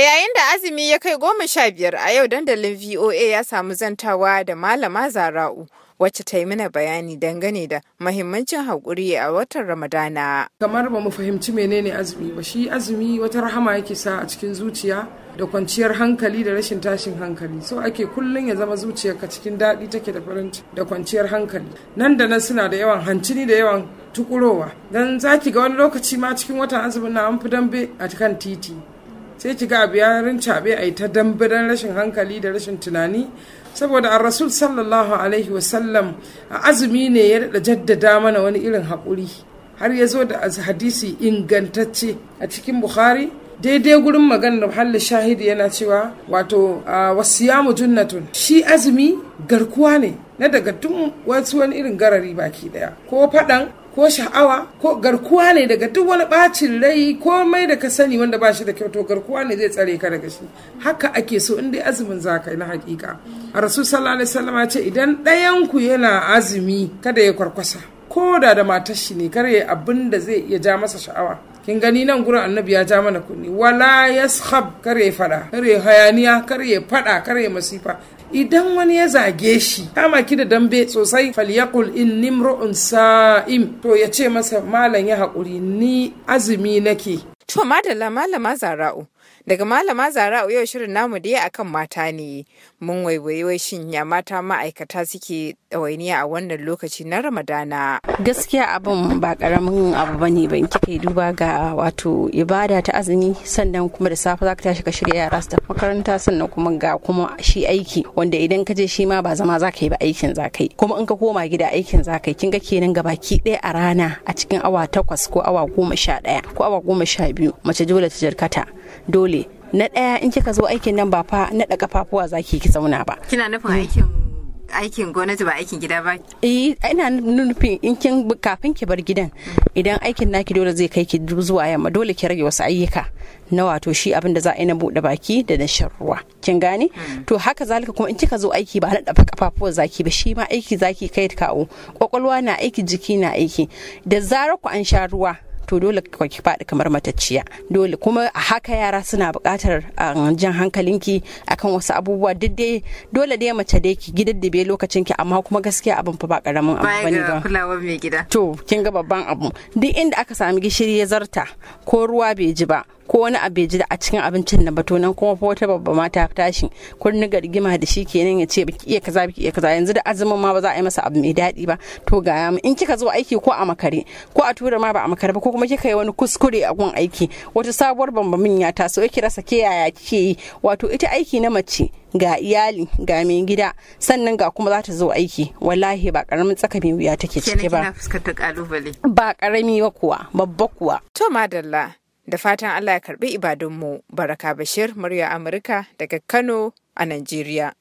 yayin da azumi ya kai goma sha biyar a yau dandalin VOA ya samu zantawa da Malama Zara'u wacce ta yi mana bayani dangane da mahimmancin haƙuri a watan Ramadana. Kamar ba mu fahimci menene azumi ba shi azumi wata rahama yake sa a cikin zuciya da kwanciyar hankali da rashin tashin hankali so ake kullum ya zama zuciyarka cikin daɗi take da farin da kwanciyar hankali nan da nan suna da yawan hancini da yawan tukurowa dan zaki ga wani lokaci ma cikin watan azumin na an fi dambe a kan titi sai ki ga abu ya a yi ta dambe don rashin hankali da rashin tunani saboda a rasul sallallahu alaihi wasallam a azumi ne ya daɗa jaddada mana wani irin haƙuri har ya zo da hadisi ingantacce a cikin bukhari daidai gurin maganar halli shahidi yana cewa wato mu junnatun shi azumi garkuwa ne na daga duk wasu wani irin garari baki daya ko faɗan ko sha'awa ko garkuwa ne daga duk wani bacin rai komai da ka sani wanda ba shi da kyau to garkuwa ne zai tsare ka daga shi haka ake so in dai azumin za ka yi na hakika a rasu sallallahu salama, wasallam ce idan ɗayanku yana azumi kada ya kwarkwasa ko da da matar ne kar ya abin da zai iya ja masa sha'awa kin gani nan gurin annabi ya ja mana kunni wala yaskhab kar ya fada kar ya hayaniya kar ya fada kar ya masifa idan wani ya zage shi kama ki da dambe sosai falyakul in nimro'un sa'im to ya ce masa malam ya haƙuri ni azumi nake To madalla malama zara'u daga malama zara'u yau shirin namu dai akan mata ne mun waiwaiwai shin ya mata ma'aikata suke ɗawainiya a wannan lokaci na ramadana. Gaskiya abin ba karamin abu ba ne ban yi duba ga wato ibada ta azumi sannan kuma da safe za ka tashi ka shirya yara su tafi makaranta sannan kuma ga kuma shi aiki wanda idan ka je shi ma ba zama za ka yi ba aikin za ka yi kuma in ka koma gida aikin za ka yi kin ga kenan gabaki ɗaya a rana a cikin awa takwas ko awa goma sha ɗaya ko awa goma sha biyu biyu mace dole ta jirkata dole na ɗaya in kika zo aikin nan ba fa naɗa kafafuwa zaki ki zauna ba kina nufin mm. aikin aikin gwamnati ba aikin gida ba eh ina nufin in kin kafin ki bar gidan idan aikin naki dole zai kai ki zuwa yamma dole ki rage wasu ayyuka na wato shi abin da za a yi na buɗe baki da na shan ruwa kin gane mm. to haka zalika kuma in kika zo aiki ba na dafa zaki ba shi ma aiki zaki kai kawo kwakwalwa na aiki jiki na aiki da zarar ku an sha ruwa to dole ki faɗi kamar matacciya dole kuma a haka yara suna buƙatar um, jan hankalinki akan wasu abubuwa duk dai dole dai mace dai ki gidaddabe lokacin ki amma kuma gaskiya abin fa ba karamin abu ba mai gida to kin ga babban abu duk inda aka sami gishiri ya zarta ko ruwa bai ji ba ko wani abu ji a cikin abincin na bato nan kuma wata babba mata tashi kunni ga rigima da shi kenan ya ce biki iya kaza biki iya kaza yanzu da azumin ma ba za a yi masa abu mai daɗi ba to ga ya in kika zo aiki ko a makare ko a tura ma ba a makare ba ko kuma kika yi wani kuskure a gun aiki wata sabuwar bambamin ya taso yake rasa ke yaya kike yi wato ita aiki na mace ga iyali ga mai gida sannan ga kuma za ta zo aiki wallahi ba karamin tsaka mai wuya take ciki ba ba karami kuwa babba kuwa to madalla Da fatan Allah ya karbi ibadunmu, Baraka Bashir, murya Amurka daga Kano a Najeriya.